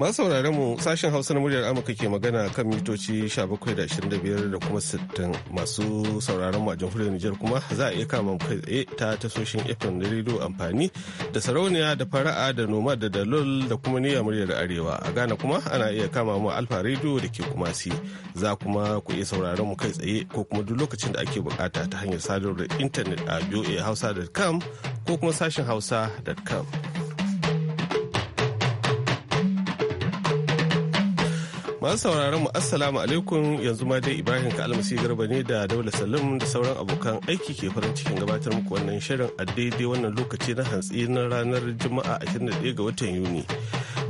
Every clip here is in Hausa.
Masu sauraron mu sashen Hausa na muryar Amurka ke magana kan mitoci 17.25 da kuma 60 masu sauraron mu a jamhuriyar Nijar kuma za a iya kama kai tsaye ta tasoshin FM na rediyo amfani da sarauniya da fara'a da noma da dalol da kuma niyyar muryar Arewa. A Ghana kuma ana iya kama mu Alfa rediyo da ke kuma si. Za kuma ku iya sauraron mu kai tsaye ko kuma duk lokacin da ake bukata ta hanyar sadarwar intanet a voahausa.com ko kuma sashen hausa.com. Masu sauraron mu assalamu alaikum yanzu ma dai Ibrahim ka almasi garba ne da Daula Salim da sauran abokan aiki ke farin cikin gabatar muku wannan shirin a daidai wannan lokaci na hantsi na ranar Juma'a 21 ga watan Yuni.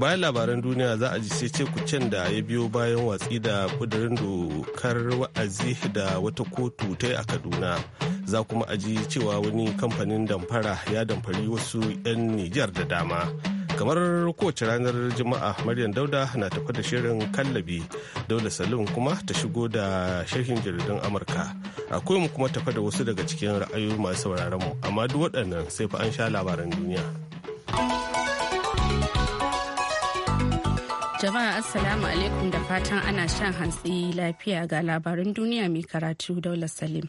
Bayan labaran duniya za a ji sai ce can da ya biyo bayan watsi da kudirin dokar wa'azi da wata kotu ta yi a Kaduna. Za kuma a ji cewa wani kamfanin damfara ya damfari wasu 'yan Nijar da dama. kamar kowace ranar juma'a maryam dauda na tafi da shirin kallabi daular salim kuma ta shigo da shirin jaridun amurka akwai mu kuma tafa da wasu daga cikin ra'ayoyi masu sauraron mu amma duk waɗannan sai fa an sha labaran duniya jama'a assalamu alaikum da fatan ana shan hantsi lafiya ga labaran duniya mai karatu daula salim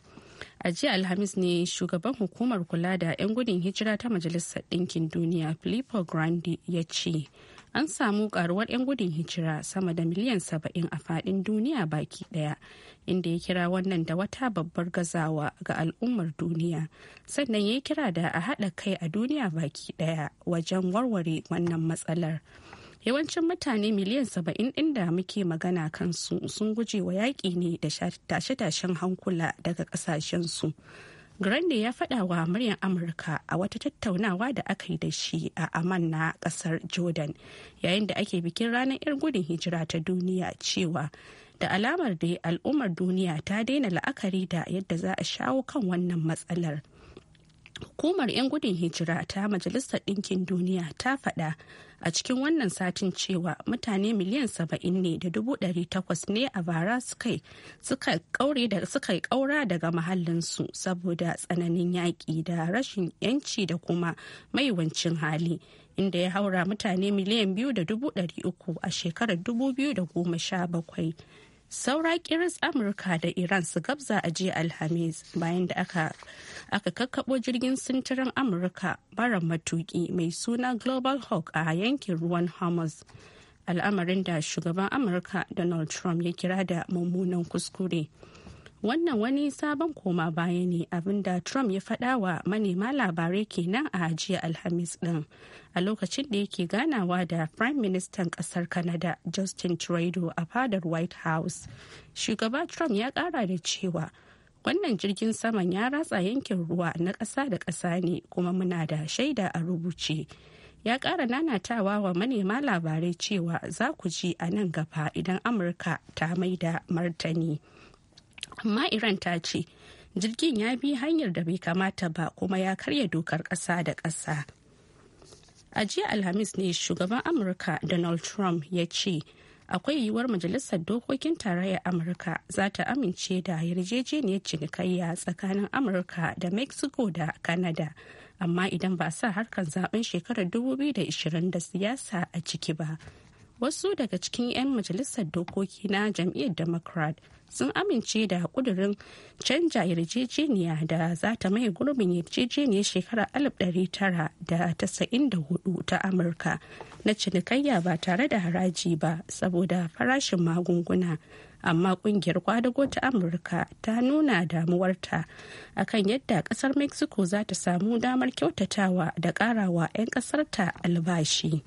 a jiya alhamis ne shugaban hukumar kula da 'yan gudun hijira ta majalisar ɗinkin duniya filippo grandi ya ce an samu karuwar 'yan gudun hijira sama da miliyan saba'in a fadin duniya baki ɗaya inda ya kira wannan da wata babbar gazawa ga al'ummar duniya sannan ya kira da a haɗa kai a duniya baki ɗaya wajen warware wannan matsalar. yawancin mutane miliyan saba'in inda muke magana kansu sun guje wa yaƙi ne da tashe-tashen hankula daga ƙasashensu. Grande ya faɗa wa muryar Amurka a wata tattaunawa da aka yi da shi a Amman na ƙasar Jordan yayin da ake bikin ranar 'yar gudun hijira ta duniya cewa da alamar da al'ummar duniya ta daina la'akari da yadda za a shawo kan wannan matsalar. Hukumar 'yan gudun hijira ta Majalisar Ɗinkin Duniya ta faɗa a cikin wannan satin cewa mutane miliyan saba'in ne da dubu ɗari takwas ne a bara suka kaura daga mahallinsu saboda tsananin yaƙi da rashin yanci da kuma maiwancin hali inda ya haura mutane miliyan biyu da dubu ɗari uku a shekarar 2017. saura kiris amurka da iran su gabza a jiya alhamis bayan da aka aka kakkabo jirgin sintirin amurka bara matuki mai suna global hawk a yankin ruwan hamas al'amarin da shugaban amurka donald trump ya kira da mummunan kuskure wannan wani sabon koma baya ne abinda trump ya faɗa wa manema labarai kenan a jiya alhamis ɗin a lokacin da yake ganawa da prime minister ƙasar canada justin trudeau a fadar white house shugaba trump ya ƙara da cewa wannan jirgin saman ya ratsa yankin ruwa na ƙasa da ƙasa ne kuma muna da shaida a rubuce ya ƙara nanatawa wa manema labarai cewa za ku ji a nan gaba idan amurka ta maida martani. amma iran ta ce jirgin ya bi hanyar da bai kamata ba kuma ya karya dokar ƙasa da ƙasa a jiya alhamis ne shugaban amurka donald trump ya ce akwai yiwuwar majalisar dokokin tarayyar amurka za ta amince da yarjejeniyar cinikayya tsakanin amurka da mexico da canada amma idan ba sa harkar zaben shekarar 2020 da siyasa a ciki ba wasu daga cikin 'yan majalisar dokoki na jam'iyyar democrat sun amince da kudurin canja yarjejeniya da za ta mai gurbin yarjejeniyar shekarar 1994 ta amurka na cinikayya ba tare da haraji ba saboda farashin magunguna amma kungiyar kwadago ta amurka ta nuna damuwarta akan yadda kasar mexico za ta samu damar kyautatawa da karawa 'yan kasarta albashi.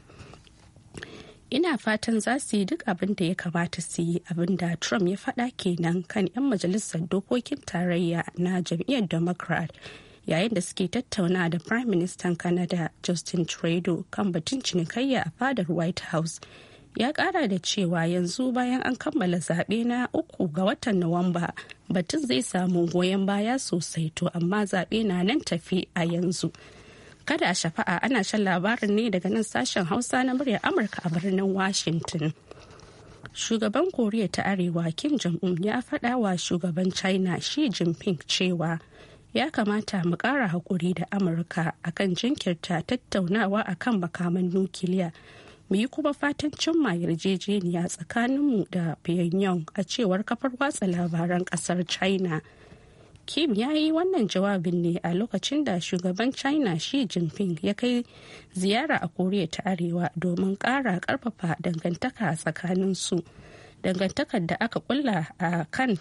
ina fatan za su yi duk abin da ya kamata su yi abin da trump ya faɗa kenan kan 'yan majalisar dokokin tarayya na jam'iyyar democrat yayin da suke tattauna da prime minister canada justin trudeau kan batun cinikayya a fadar white house ya kara da cewa yanzu bayan an kammala zaɓe na uku ga watan nuwamba batun zai samu goyon baya sosai to amma zaɓe na nan tafi a yanzu Kada a shafa'a ana shan labarin ne daga nan sashen Hausa na muryar Amurka a birnin Washington. Shugaban Koriya ta Arewa Kim Jong-un ya faɗa wa shugaban China shi Jinping cewa ya kamata mu ƙara haƙuri da Amurka akan jinkirta tattaunawa akan makaman nukiliya. mu yi kuma fatan cimma yarjejeniya tsakaninmu da pyongyang a cewar kafar watsa labaran ƙasar china Kim ya yi wannan jawabin ne a lokacin da shugaban China Xi Jinping ya kai ziyara a Koriya ta Arewa domin ƙara ƙarfafa dangantaka a tsakaninsu. Dangantakar da aka kulla a kan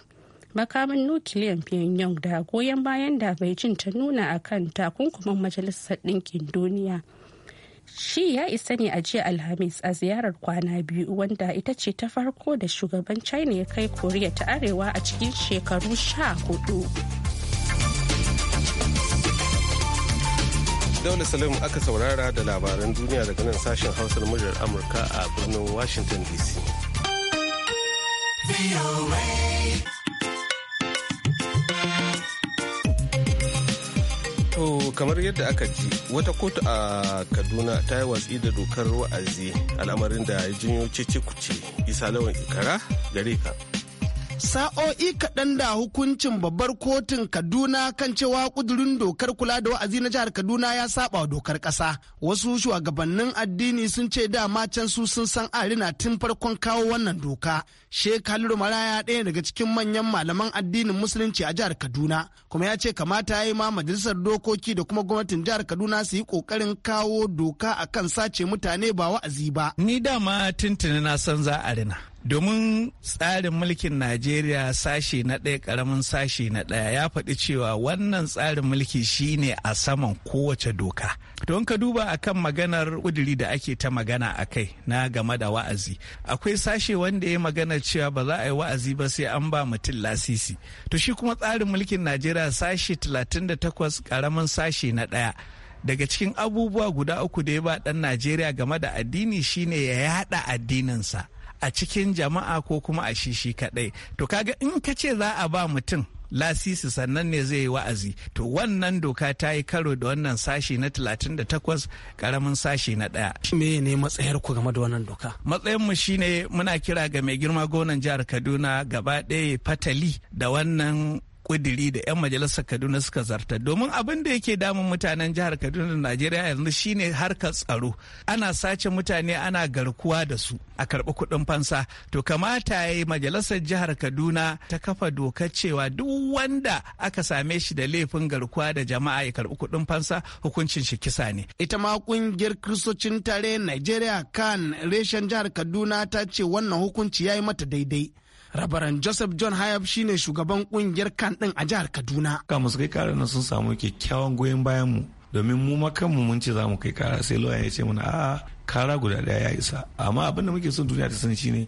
makamin nukiliyan Pyongyang da goyon bayan da Beijing ta nuna a kan takunkuman Majalisar Ɗinkin Duniya. shi ya isa ne a jiya alhamis a ziyarar kwana biyu wanda ita ce ta farko da shugaban china ya kai koriya ta arewa a cikin shekaru sha hudu daula salim aka saurara da labaran duniya daga nan sashen hausar muryar amurka a birnin washington dc To kamar yadda aka ji wata kotu a Kaduna ta yi watsi da dokar wa'azi al'amarin da ya janyo cece kuce isa lawan ikara gare ka. sa'o'i kaɗan da hukuncin babbar kotun kaduna kan cewa kudurin dokar kula da wa'azi na jihar kaduna ya saba wa dokar ƙasa wasu shugabannin addini sun ce dama can su sun san arina tun farkon kawo wannan doka sheikh Mara ya ɗaya daga cikin manyan malaman addinin musulunci a jihar kaduna kuma ya ce kamata ya yi ma majalisar dokoki da kuma gwamnatin jihar kaduna su yi ƙoƙarin kawo doka akan sace mutane ba wa'azi ba ni dama tuntuni na san za a rina domin tsarin mulkin najeriya sashe na ɗaya ƙaramin sashe na ɗaya ya faɗi cewa wannan tsarin mulki shine a saman kowace doka don ka duba akan maganar ƙuduri da ake ta magana a kai na game da wa'azi akwai sashe wanda ya magana cewa ba za a yi wa'azi ba sai an ba mutum lasisi to shi kuma tsarin mulkin najeriya sashe 38 ƙaramin sashe na ɗaya daga cikin abubuwa guda uku da ya ba ɗan najeriya game da addini shine ya yaɗa addininsa a cikin jama'a ko kuma a shishi kaɗai to kaga in ka ce za a ba mutum lasisi sannan ne zai yi wa'azi to wannan doka ta yi karo da wannan sashi na 38 karamin sashi na ɗaya. me ne matsayar ku game da wannan doka matsayin mu shine muna kira ga mai girma gonan jihar Kaduna gaba ɗaya fatali da wannan kudiri da 'yan majalisar kaduna suka zarta domin abin da yake damun mutanen jihar kaduna da najeriya yanzu shine harkar tsaro ana sace mutane ana garkuwa da su a karɓi kuɗin fansa to kamata ya yi majalisar jihar kaduna ta kafa dokar cewa duk wanda aka same shi da laifin garkuwa da jama'a ya karɓi kuɗin fansa hukuncin shi kisa ne ita ma kungiyar kristocin tare najeriya kan reshen jihar kaduna ta ce wannan hukunci ya yi mata daidai rabaran joseph john hayab shine shugaban kungiyar kan din a jihar kaduna ka musu kai kara nan sun samu kyakkyawan goyon bayan mu domin mu makanmu mun ce za mu kai kara sai lawyer ya ce mana a kara guda daya ya isa amma abin da muke son duniya ta sani shine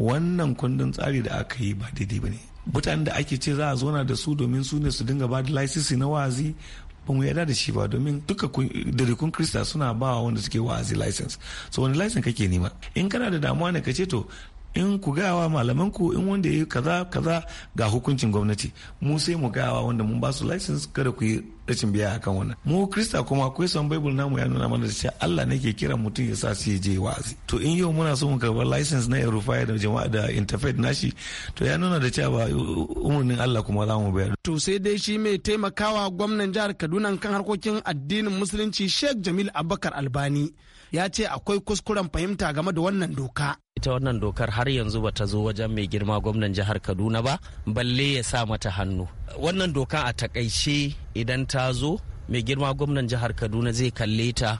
wannan kundin tsari da aka yi ba daidai ba ne mutanen da ake ce za a zona da su domin su ne su dinga ba da laisisi na wa'azi ba mu yarda da shi ba domin duka dirikun krista suna ba wanda suke wa'azi license so wani license kake nema in kana da damuwa ne ka ce to in ku gawa malaman ku in wanda ya yi kaza kaza ga hukuncin gwamnati mu sai mu gawa wanda mun ba su license kada ku yi rashin biya akan wannan mu krista kuma akwai son bible namu ya nuna mana cewa Allah ne ke kiran mutum ya sa su je wa'azi to in yau muna so mu karɓar license na Erufaya da jama'a da interfaith nashi to ya nuna da cewa umurnin Allah kuma za mu bayar to sai dai shi mai taimakawa gwamnan jihar Kaduna kan harkokin addinin musulunci Sheikh Jamil Abubakar Albani ya ce akwai kuskuren fahimta game da wannan doka ita wannan dokar har yanzu ba ta zo wajen mai girma gwamnan jihar kaduna ba balle ya sa mata hannu wannan doka a takaice idan ta zo mai girma gwamnan jihar kaduna zai kalle ta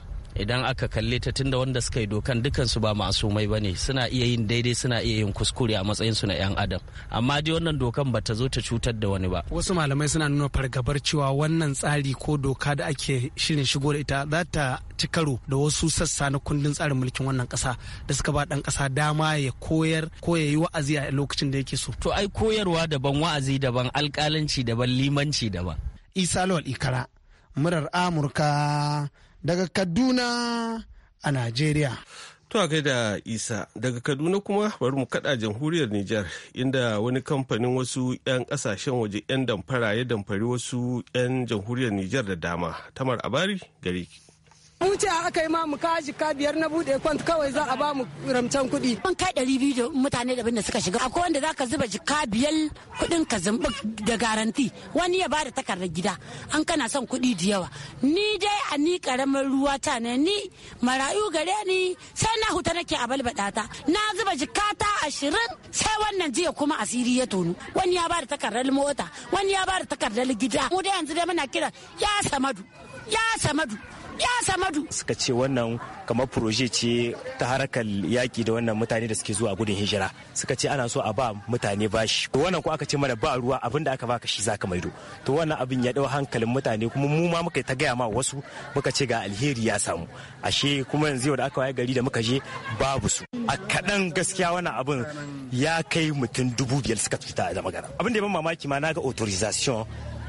idan aka kalle ta tunda wanda suka yi dokan dukansu ba masumai ba ne suna iya yin daidai suna iya yin kuskure a matsayinsu na 'yan adam amma dai wannan dokan ba ta zo ta cutar da wani ba wasu malamai suna nuna fargabar cewa wannan tsari ko doka da ake shirin shigo da ita za ta ci karo da wasu sassa na kundin tsarin mulkin wannan kasa da suka ba dan kasa dama ya koyar ko ya yi wa'azi a lokacin da yake so to ai koyarwa daban wa'azi daban alkalanci daban limanci daban isa lawal ikara murar amurka daga Kaduna a Najeriya. To a da Isa daga Kaduna kuma bari mu kada jamhuriyar Nijar inda wani kamfanin wasu 'yan kasashen waje 'yan damfara ya damfari wasu 'yan jamhuriyar Nijar da dama. Tamar Abari gari Mun ce aka yi ma mu kaji ka biyar na bude kwant kawai za a ba mu ramcen kuɗi. Mun kai ɗari biyu da mutane da da suka shiga. Akwai wanda za ka zuba jika biyar kuɗin ka zumbi da garanti wani ya bada takardar gida an kana son kuɗi da yawa. Ni dai a ni ƙaramin ruwa ta ne ni marayu gare ni sai na huta nake a balbaɗa ta. Na zuba jika ta ashirin sai wannan jiya kuma asiri ya tonu. Wani ya bada takardar mota wani ya bada takardar gida. Mu dai yanzu dai muna kira ya samadu ya samadu ya samadu suka ce wannan kamar proje ce ta harkar yaƙi da wannan mutane da suke zuwa gudun hijira suka ce ana so a ba mutane bashi to wannan ko aka ce mana ba ruwa abinda da aka baka shi zaka maido to wannan abin ya dau hankalin mutane kuma mu ma muka ta gaya ma wasu muka ce ga alheri ya samu ashe kuma yanzu yau da aka waye gari da muka je babu su a kaɗan gaskiya wannan abin ya kai mutum dubu biyar suka fita da magana abin da ya ban mamaki ma na ga authorization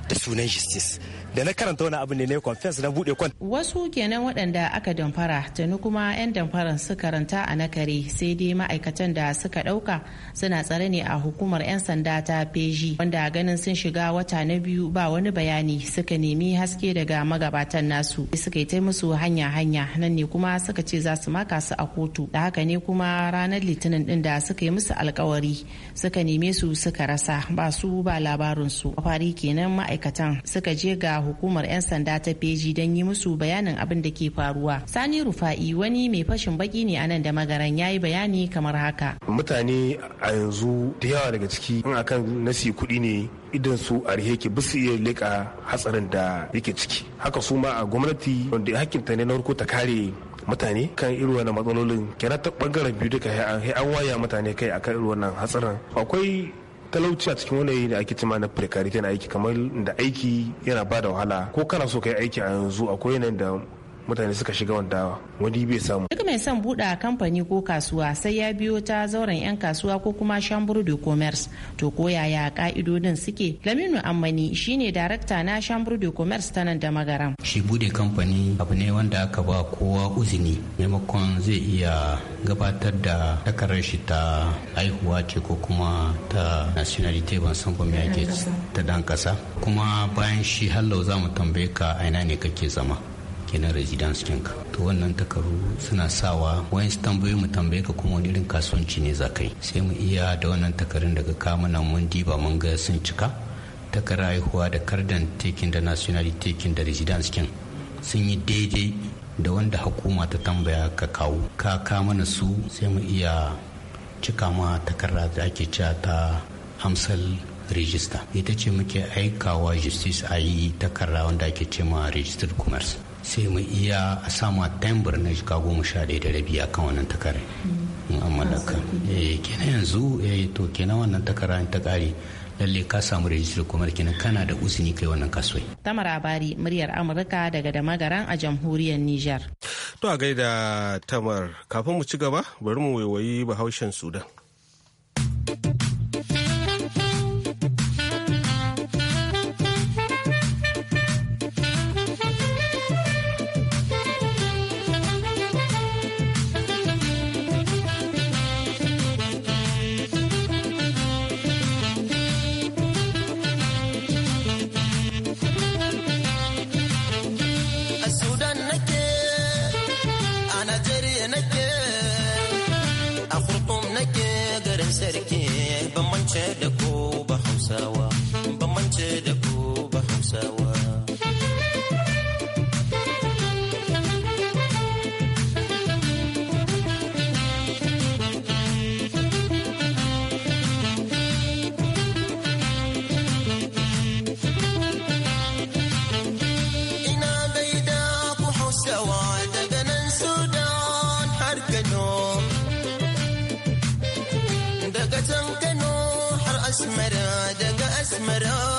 da sunan justice da na karanta wani abu ne na confess na bude kwan wasu kenan waɗanda aka damfara tuni kuma 'yan damfaran su karanta a kare sai dai ma'aikatan da suka ɗauka suna tsare ne a hukumar 'yan sanda ta peji wanda ganin sun shiga wata na biyu ba wani bayani suka nemi haske daga magabatan nasu suka yi ta musu hanya hanya nan ne kuma suka ce za su maka su a kotu da haka ne kuma ranar litinin din da suka yi musu alkawari suka neme su suka rasa ba su ba labarin su fari kenan ma'aikatan suka je ga hukumar 'yan sanda ta feji don yi musu bayanin abin da ke faruwa sani rufa'i wani mai fashin baki ne a nan da magaran ya yi bayani kamar haka mutane a yanzu da yawa daga ciki in akan nasi kuɗi ne idan su a riheke ba su iya leƙa hatsarin da yake ciki haka su ma a gwamnati wanda hakinta ne na farko ta kare mutane kan irin wannan matsalolin kenan ta bangaren biyu duka an waya mutane kai akan irin wannan hatsarin akwai talauci a cikin wani da ake cima na precarity na aiki kamar da aiki yana ba da wahala ko kana so kai aiki a yanzu akwai yanayin da mutane suka shiga wanda wani bai samu duk mai son buɗe kamfani ko kasuwa sai ya biyo ta zauren 'yan kasuwa ko kuma chambre de commerce to ko yaya ka'idodin suke laminu ammani shine darakta na chambre de commerce ta nan da magaram shi buɗe kamfani abu ne wanda aka ba kowa uzini maimakon zai iya gabatar da takarar shi ta haihuwa ce ko kuma ta nationality ban san ko ta dan kasa kuma bayan shi hallau za mu tambaye ka aina ne kake zama na residence ɗinka to wannan takaru suna sawa wani su mu tambaye ka kuma wani irin kasuwanci ne za kai sai mu iya da wannan takarun daga nan mun diba mun ga sun cika takara haihuwa da kardan tekin da national tekin da residence kin sun yi daidai da wanda hukuma ta tambaya ka kawo ka kama na su sai mu iya cika ma takarda da ake cewa ta amsal rijista ita ce muke aikawa justice a yi takarda wanda ake ce ma registered commerce sai mu iya a sama tembur na shiga goma sha ɗaya da rabi a kan wannan takara in an mallaka eh, kenan yanzu eh, to kenan wannan takara ta ƙare lalle ka samu rajistar kuma kenan kana da usini kai wannan kasuwai. Tamara Bari muryar Amurka daga da magaran a jamhuriyar Niger. To a gaida Tamar kafin mu ci gaba bari mu waiwayi bahaushen Sudan. asmara daga asmara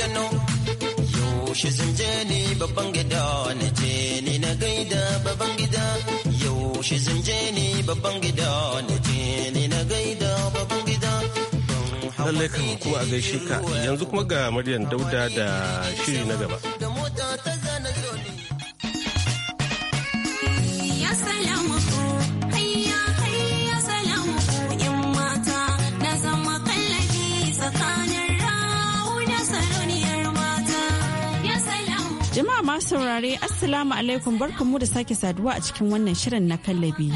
Kano. Yaushe zan je ni babban gida na je ni na gaida babban gida. Yaushe zan je ni babban gida na je ni na gaida babban gida. Lallai kan kuwa a gaishe ka yanzu kuma ga Maryam Dauda da shiri na gaba. saurare Assalamu alaikum barkanmu da sake saduwa a cikin wannan shirin na kallabi.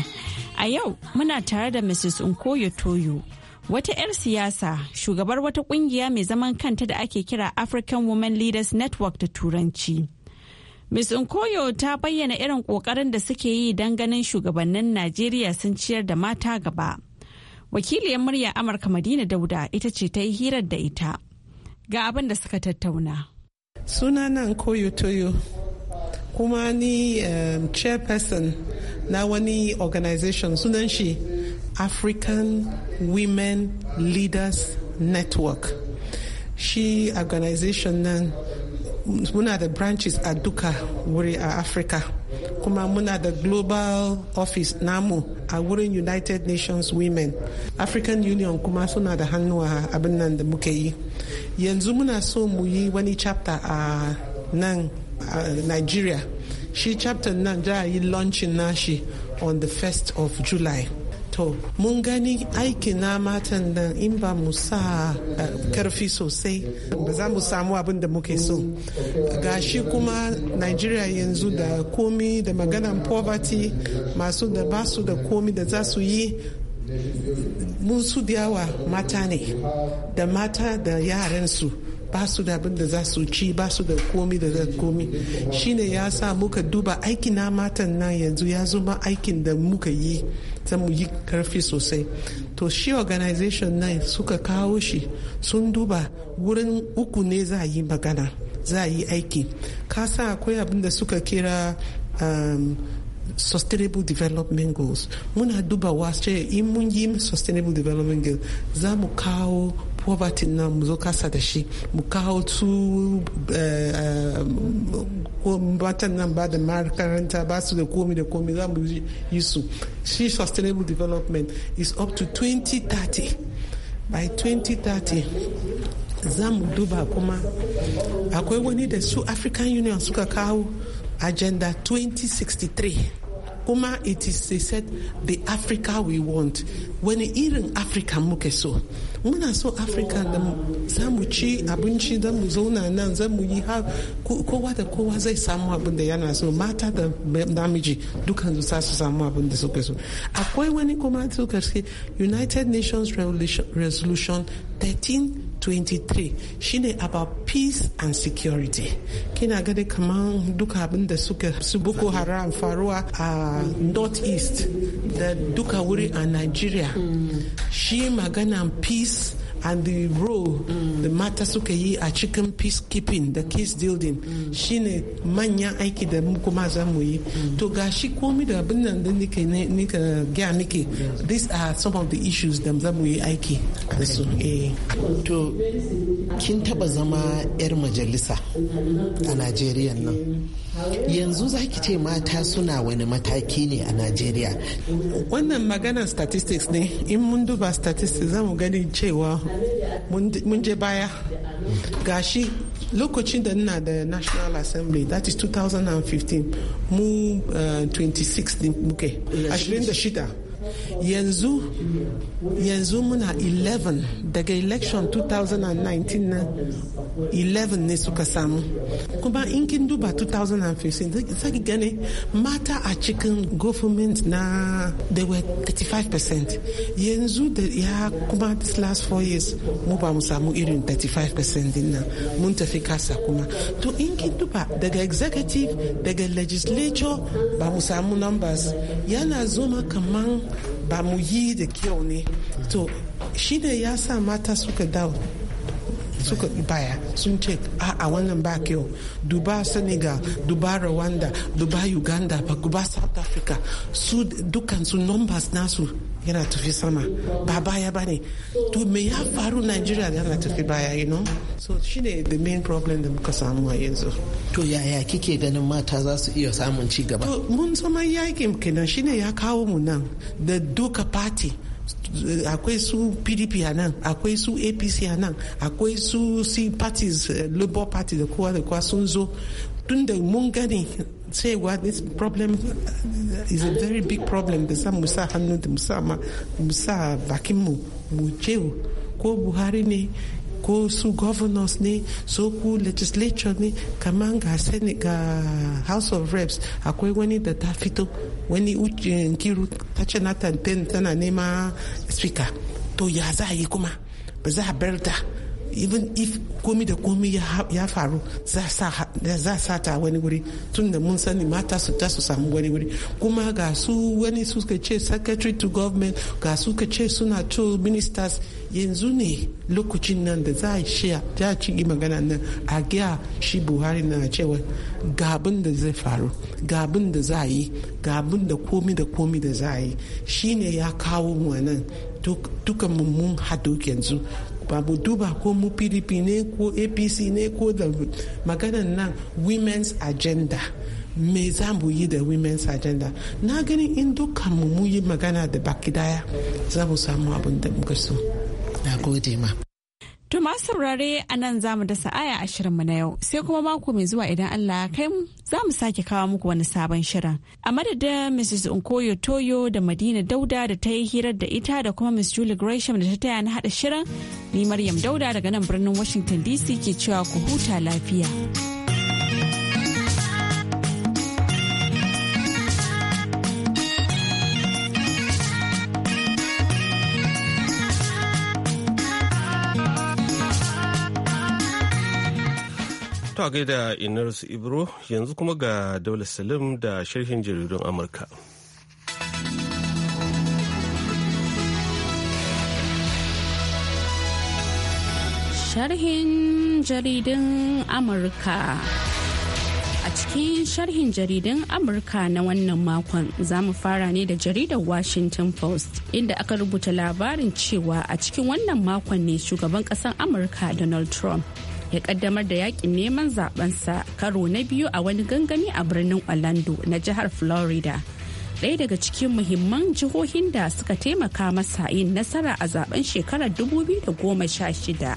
A yau muna tare da Mrs. Nkoyo Toyo, wata 'yar siyasa, shugabar wata kungiya mai zaman kanta da ake kira African Women Leaders Network da Turanci. Ms. Nkoyo ta bayyana irin ƙoƙarin da suke yi don ganin shugabannin Najeriya sun ciyar da mata gaba. Wakiliyar murya Amurka Madina Dauda ita ce ta yi hirar da ita. Ga abin da suka tattauna. Suna nan koyo toyo kuma ni um, chairperson na wani organization sunan shi african women leaders network shi organization nan muna da branches a duka wuri a africa kuma muna da global office namu a wurin united nations women african union kuma suna da hannu a abin nan da muka yi yanzu muna so mu yi wani chapter a nan a nigeria shi chapter nan za a yi launching nashi on the 1st of july to mun gani aikin na matan nan in ba mu sa eh, karfi sosai ba za mu samu abin da muke so gashi kuma nigeria yanzu da komi da maganan poverty masu da basu da komi da za su yi mun su da yawa mata ne da mata da yaransu ba su da abin da za su ci ba su da komi da komi shine ya sa muka duba aikin na matan nan yanzu ya zama aikin da muka yi ta mu yi karfi sosai to shi organization nan suka kawo shi sun duba wurin uku ne za a yi magana za a yi aiki Ka sa akwai abin da suka kira um, sustainable development goals muna duba ce in mun yi sustainable development goals za mu kawo poverty na mu zo kasa da shi mu kawo su eh, eh, matan nan ba da makaranta ba su da komi da komi za mu yi su shi sustainable development is up to 2030 by 2030 za mu duba kuma akwai wani da su african union suka kawo agenda 2063 kuma it is they said the africa we want wani irin africa muke so muna so afirka da za mu ci abinci don mu zauna nan za mu yi har kowa da kowa zai samu abin da yana so mata da namiji dukan za su samu abin da suke so akwai wani kuma suka ce united nations resolution 13 23 shine about peace and security kina gani kaman duka abin da suka su boko haram faruwa a north east da duka wuri a nigeria shi magana peace and the role mm. da mata suka yi a cikin peacekeeping da case building mm. shine manyan aiki da mu kuma za mu yi mm. to ga shi komi da abin nan da nika nika gya nike these are some of the issues da za mu yi aiki da su eh to kin taba zama yar majalisa a Najeriya nan yanzu za ki ce mata suna wani mataki ne a Najeriya wannan maganar statistics ne in mun duba statistics za mu gani cewa mun je baya gashi lokacin da nuna da national assembly that is 2015 mu 26 eh, muke 26 yanzu yanzu muna 11 daga election 2019 na 11 ne suka samu kuma in kin duba 2015 saki gane mata a cikin government na they were 35% yanzu da ya kuma this last four years mu ba mu samu irin 35% din nan mun tafi kasa kuma to in kin duba daga executive daga legislature ba mu samu numbers yana zoma kaman ba mu yi da kyau ne to shi ne ya sa mata suka dawo suka baya sun ce a wannan ba kyau duba senegal duba rwanda duba uganda ba duba south africa su dukansu numbers nasu yana tafi sama ba baya ba ne to me ya faru nigeria yana tafi baya you know so shi the main problem da muka samu a yanzu to yaya kike ganin mata za su iya samun ci gaba to mun zama yakin kenan shine ya kawo mu nan da duka party akwai su pdp a nan akwai su apc a nan akwai su si parties eh, labour party da kowa da kowa sun zo tun da mun gani cewa this problem eh, is a very big problem da sa musa hannu da musa bakinmu mu ce ko buhari ne ko su governors ne so ku legislature ne kamar ga house of reps akwai wani da ta fito wani kiru ta ce na tana nema speaker to ya za a yi kuma ba za a bar ta even if komi da komi ya faru za sa ta wani wuri tun da mun sani mata su ta su samu wani wuri kuma ga su wani suka ce secretary to government ga su ka ce suna to ministers yanzu ne lokacin nan da za a shiya ta ci magana nan a gya shi buhari na cewa gabin da zai faru gabin da za a yi gabin da komi da komi da za a yi shine ya kawo mu nan duka mumun haduk yanzu ba duba ko mu pdp ne ko apc ne ko da maganan nan women's agenda me za mu yi da women's agenda na gani in dukkan mu yi magana da bakidaya daya za mu samu abin da muka so na gode ma To masu saurare a nan za mu dasa a ashirinmu na yau sai kuma mako mai zuwa idan Allah ya kai mu za mu sake kawo muku wani sabon shirin. A madada Mrs. Nkoyo Toyo da Madina Dauda da ta yi hirar da ita da kuma Miss Julie Gresham da ta taya na haɗa shirin, ni Maryam Dauda daga nan birnin Washington DC ke cewa ku huta lafiya. To gaida Inarsu Ibro yanzu kuma ga Daula Salim da sharhin jaridun Amurka. Sharhin jaridun Amurka. A cikin sharhin jaridun Amurka na wannan makon za mu fara ne da jaridar Washington Post inda aka rubuta labarin cewa a cikin wannan makon ne shugaban ƙasar Amurka Donald Trump ya kaddamar da yakin neman zabensa karo na biyu a wani gangami a birnin Orlando na jihar Florida. ɗaya daga cikin muhimman jihohin da suka taimaka masa yin nasara a zaben shekarar 2016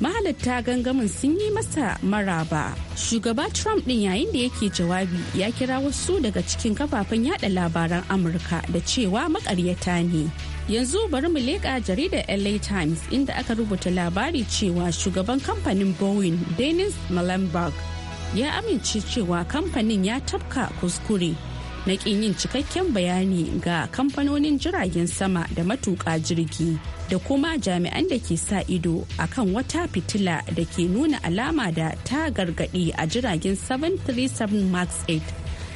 mahalatta gangamin sun yi masa maraba shugaba trump ɗin yayin da yake jawabi ya kira wasu daga cikin kafafen yada labaran amurka da cewa makaryata ne yanzu bari mu leƙa jaridar la times inda aka rubuta labari cewa shugaban kamfanin boeing dennis malenberg ya amince cewa kamfanin ya tafka kuskure na ƙin yin cikakken bayani ga kamfanonin jiragen sama da matuƙa jirgi da kuma jami'an da ke sa ido a kan wata fitila da ke nuna alama da ta gargaɗi a jiragen 737 max 8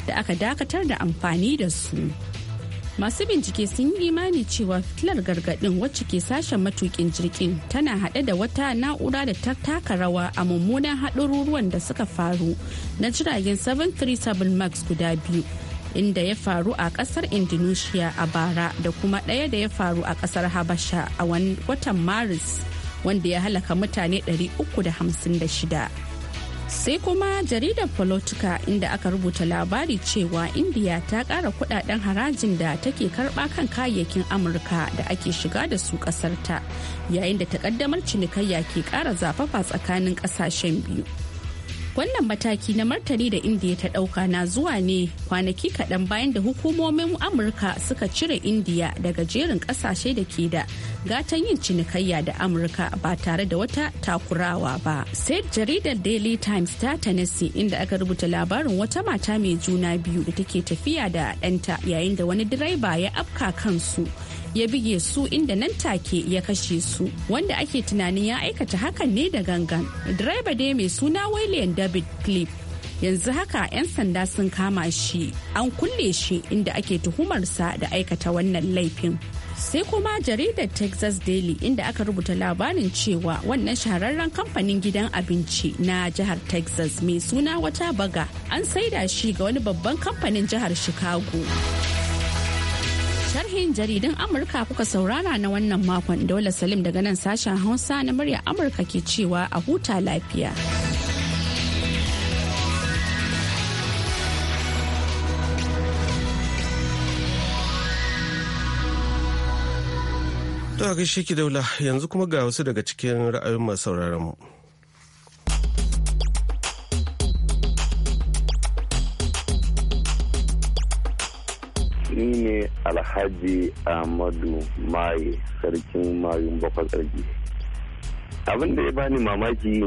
da aka dakatar da amfani da su. masu bincike sun yi imani cewa fitilar gargaɗin wacce ke sashen matukin jirgin tana haɗe da wata na'ura da ta taka rawa a mummunan haɗaruruwan da suka faru na jiragen 737 max guda biyu inda ya faru a kasar indonesia a bara da kuma ɗaya da ya faru a kasar habasha a watan maris wanda ya halaka mutane 356 sai kuma jaridar politika inda aka rubuta labari cewa indiya ta ƙara kudaden harajin da take karba kan kayayyakin amurka da ake shiga da su ƙasarta yayin da takaddamar cinikayya ke ƙara zafafa tsakanin ƙasashen biyu Wannan mataki na martani da Indiya ta dauka na zuwa ne kwanaki kaɗan bayan da hukumomin Amurka suka cire Indiya daga jerin ƙasashe da ke da gatan yin cinikayya da Amurka ba tare da wata takurawa ba. Sai jaridar Daily Times ta Tennessee inda aka rubuta labarin wata mata mai juna biyu da take tafiya da ɗanta yayin da wani direba ya afka kansu. ya bige su inda nan take ya kashe su wanda ake tunanin ya aikata hakan ne da gangan direba dai mai suna william david clip yanzu haka 'yan sanda sun kama shi an kulle shi inda ake tuhumarsa da aikata wannan laifin sai kuma jaridar texas daily inda aka rubuta labarin cewa wannan shahararren kamfanin gidan abinci na jihar texas mai suna wata baga an saida shi ga wani babban kamfanin jihar chicago Sharhin jaridan Amurka kuka saurara na wannan makon dole Salim daga nan sashen Hausa na murya Amurka ke cewa a huta lafiya. To gaishe ki daula yanzu kuma ga wasu daga cikin ra'ayin masu sauraron mu. ni ne alhaji amadu maye sarkin mayun bakwai tsarki abin da ya bani mamaki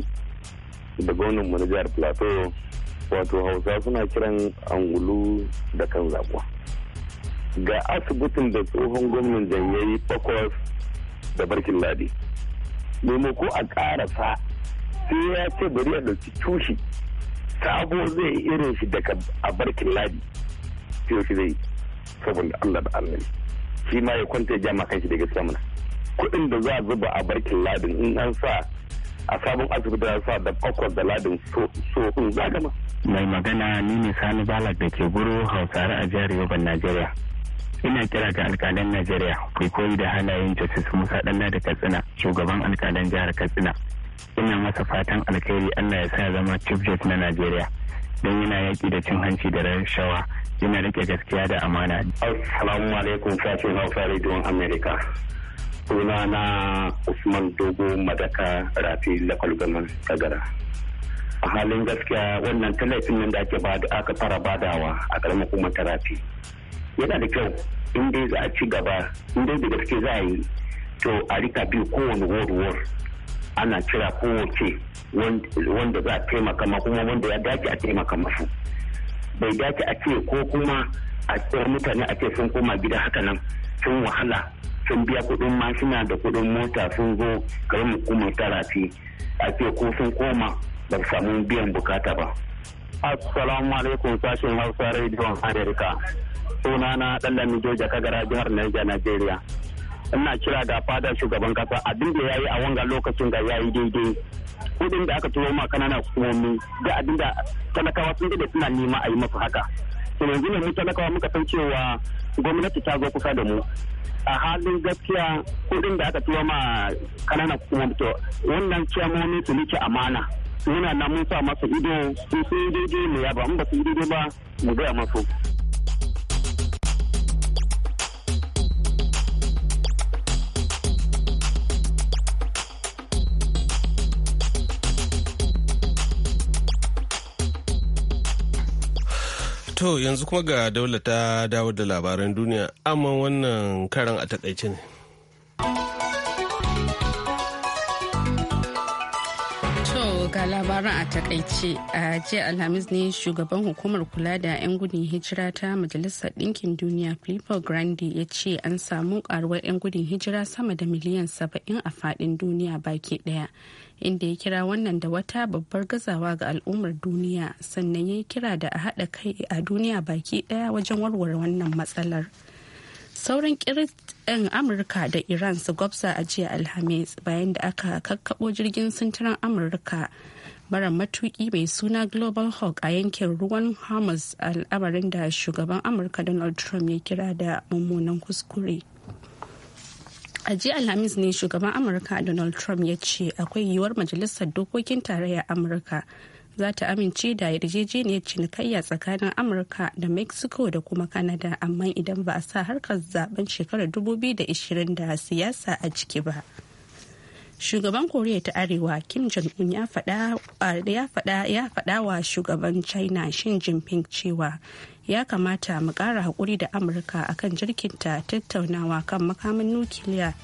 da gwamnan mu na jihar plateau wato hausa suna kiran angulu da kan zakwa ga asibitin da tsohon gwamnan janyayi bakwas da barkin ladi ko a karasa sai ya ce bari a ɗauki tushi sabo zai irin shi daga a barkin ladi sai shi zai saboda Allah da ne shi ma ya kwanta ya jama kan da gaskiya mana kuɗin da za a zuba a barkin ladin in an sa a sabon asibiti da sa da kwakwar da ladin so in za gama. mai magana ni ne sani balak da ke guru hausare a jihar yoban najeriya ina kira ga alkalan najeriya kai koyi da halayen justice musa danna da katsina shugaban alkalan jihar katsina ina masa fatan alkhairi allah ya sa zama chief na najeriya don yana yaki da cin hanci da rashawa yana rike gaskiya da amana. Assalamu alaikum sashen Hausa Radio America. Suna na Usman Dogo Madaka Rafi Lakal Gaman Tagara. A halin gaskiya wannan talafin nan da ake aka fara badawa a ƙaramin kuma tarafi. Yana da kyau in dai za a ci gaba in dai da gaske za a yi to a rika bi kowane ward ana kira kowace wanda za a taimaka ma kuma wanda ya dace a taimaka masu. bai dace a ce ko kuma a 'yar mutane a ce sun koma gida haka nan sun wahala sun biya kudin mashina da kudin mota sun zo garin hukumar tarafi a ce ko sun koma ba su samu biyan bukata ba. Assalamu alaikum sashen Hausa Radio America. Suna na ɗan Lamijo Jakagara jihar Niger Nigeria. Ina kira ga fadar shugaban kasa abin da ya yi a wanga lokacin da ya yi daidai. kudin da aka turo ma kanana hukumomi da abin da talakawa sun da suna nema a yi masu haka to yanzu ne mu talakawa muka san cewa gwamnati ta zo kusa da mu a halin gaskiya kudin da aka turo ma kanana hukumomi to wannan ciyamomi su nike amana muna nan mun sa masu ido su sun daidai mu ya ba mu ba su daidai ba mu gaya masu. To yanzu kuma ga daula ta dawo da labaran duniya amma wannan karan a takaice ne. ga labaran a takaice a jiya alhamis ne shugaban hukumar kula da 'yan gudun hijira ta majalisar ɗinkin duniya filippo grandi ya ce an samu karuwar 'yan gudun hijira sama da miliyan saba'in a faɗin duniya baki ɗaya. inda ya kira wannan da wata babbar gazawa ga al'ummar duniya sannan ya kira da a haɗa kai a duniya baki ɗaya wajen warware wannan matsalar. sauran kirin amurka da iran su gwabza a jiya alhamis bayan da aka kakkabo jirgin sintiran amurka mara matuki mai suna global hawk a yankin ruwan hamas al'amarin da shugaban amurka donald trump ya kira da mummunan kuskure a jiya alhamis ne shugaban amurka donald trump ya ce akwai yiwuwar majalisar dokokin tarayyar amurka za ta amince da yarjejeniyar cinikayya tsakanin amurka da mexico da kuma canada amma idan ba a sa harkar zaben shekarar 2020 da siyasa a ciki ba shugaban koriya ta arewa kim jong-un ya faɗa wa shugaban china shin jinping cewa ya kamata mu kara hakuri da amurka akan jirkinta tattaunawa kan makamin nukiliya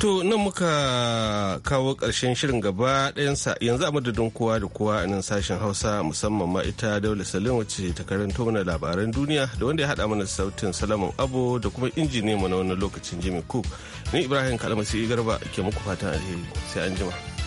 To nan muka kawo ƙarshen shirin gaba ɗayansa yanzu a madadin kowa da kowa a nan sashen Hausa musamman ma ita Daula Salim wacce ta karanto mana labaran duniya da wanda ya haɗa mana sautin salamun abu da kuma injiniyan mana wani lokacin Jimmy Cook. Ni Ibrahim kalmasi Garba ke muku fatan alheri sai an jima.